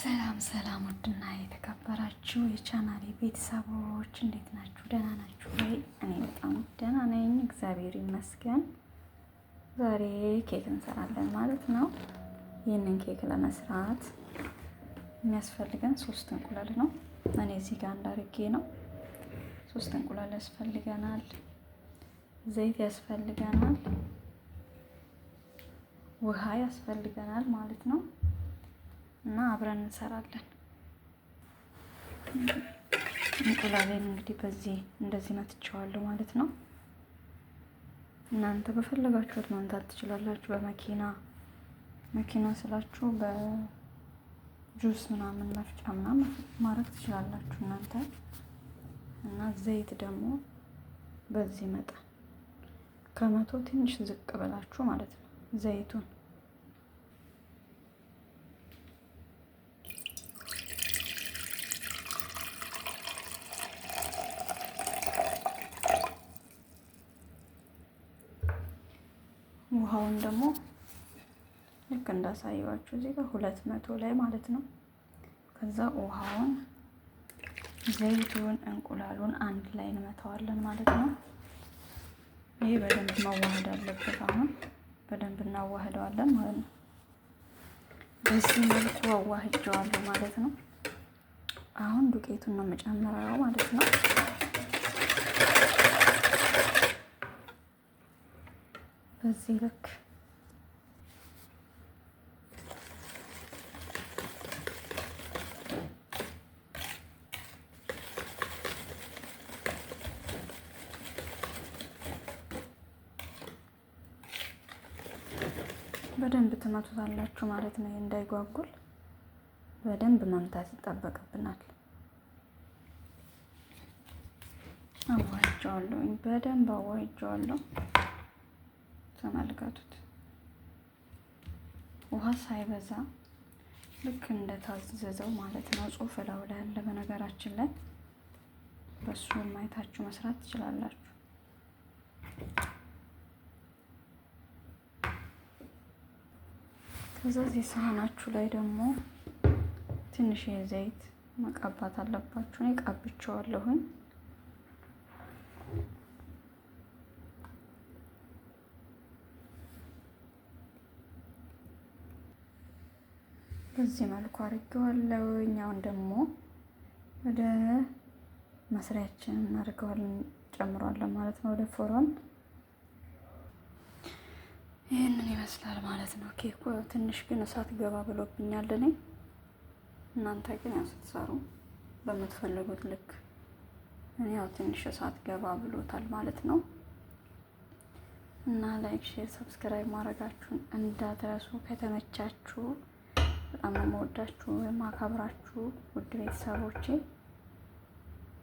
ሰላም ሰላም፣ ውድና የተከበራችሁ የቻናሌ ቤተሰቦች እንዴት ናችሁ? ደህና ናችሁ ወይ? እኔ በጣም ደህና ነኝ፣ እግዚአብሔር ይመስገን። ዛሬ ኬክ እንሰራለን ማለት ነው። ይህንን ኬክ ለመስራት የሚያስፈልገን ሶስት እንቁላል ነው። እኔ እዚህ ጋር እንዳርጌ ነው። ሶስት እንቁላል ያስፈልገናል፣ ዘይት ያስፈልገናል፣ ውሃ ያስፈልገናል ማለት ነው። እና አብረን እንሰራለን። እንቁላሌን እንግዲህ በዚህ እንደዚህ መትቸዋለሁ ማለት ነው። እናንተ በፈለጋችሁት መምታት ትችላላችሁ። በመኪና መኪና ስላችሁ በጁስ ምናምን መፍጫ ምናምን ማድረግ ትችላላችሁ እናንተ እና ዘይት ደግሞ በዚህ መጠን ከመቶ ትንሽ ዝቅ ብላችሁ ማለት ነው ዘይቱን ውሃውን ደግሞ ልክ እንዳሳየዋችሁ እዚህ ጋር ሁለት መቶ ላይ ማለት ነው። ከዛ ውሃውን ዘይቱን እንቁላሉን አንድ ላይ እንመታዋለን ማለት ነው። ይሄ በደንብ መዋሃድ አለበት። አሁን በደንብ እናዋህደዋለን ማለት ነው። በዚህ መልኩ አዋህጀዋለሁ ማለት ነው። አሁን ዱቄቱን ነው መጨመረው ማለት ነው። በዚህ ልክ በደንብ ትመቱታላችሁ ማለት ነው። እንዳይጓጉል በደንብ መምታት ይጠበቅብናል። አዋይቼዋለሁ፣ በደንብ አዋይቼዋለሁ። ውሃ ሳይበዛ ልክ እንደታዘዘው ማለት ነው። ጽሁፍ እላው ላይ ያለ በነገራችን ላይ በሱ ማየታችሁ መስራት ትችላላችሁ። ከዛ እዚህ ሳህናችሁ ላይ ደግሞ ትንሽ ዘይት መቀባት አለባችሁ። እኔ ቀብቼዋለሁኝ። በዚህ መልኩ አድርገዋለሁ። እኛውን ደግሞ ወደ መስሪያችን አድርገዋል ጨምሯለን ማለት ነው። ወደ ፎሮን ይህንን ይመስላል ማለት ነው። ኬኩ ትንሽ ግን እሳት ገባ ብሎብኛል እኔ። እናንተ ግን ያው ስትሰሩ በምትፈልጉት ልክ እኔ ያው ትንሽ እሳት ገባ ብሎታል ማለት ነው። እና ላይክ፣ ሼር፣ ሰብስክራይብ ማድረጋችሁን እንዳትረሱ ከተመቻችሁ በጣም ነው የምወዳችሁ የማከብራችሁ ውድ ቤተሰቦቼ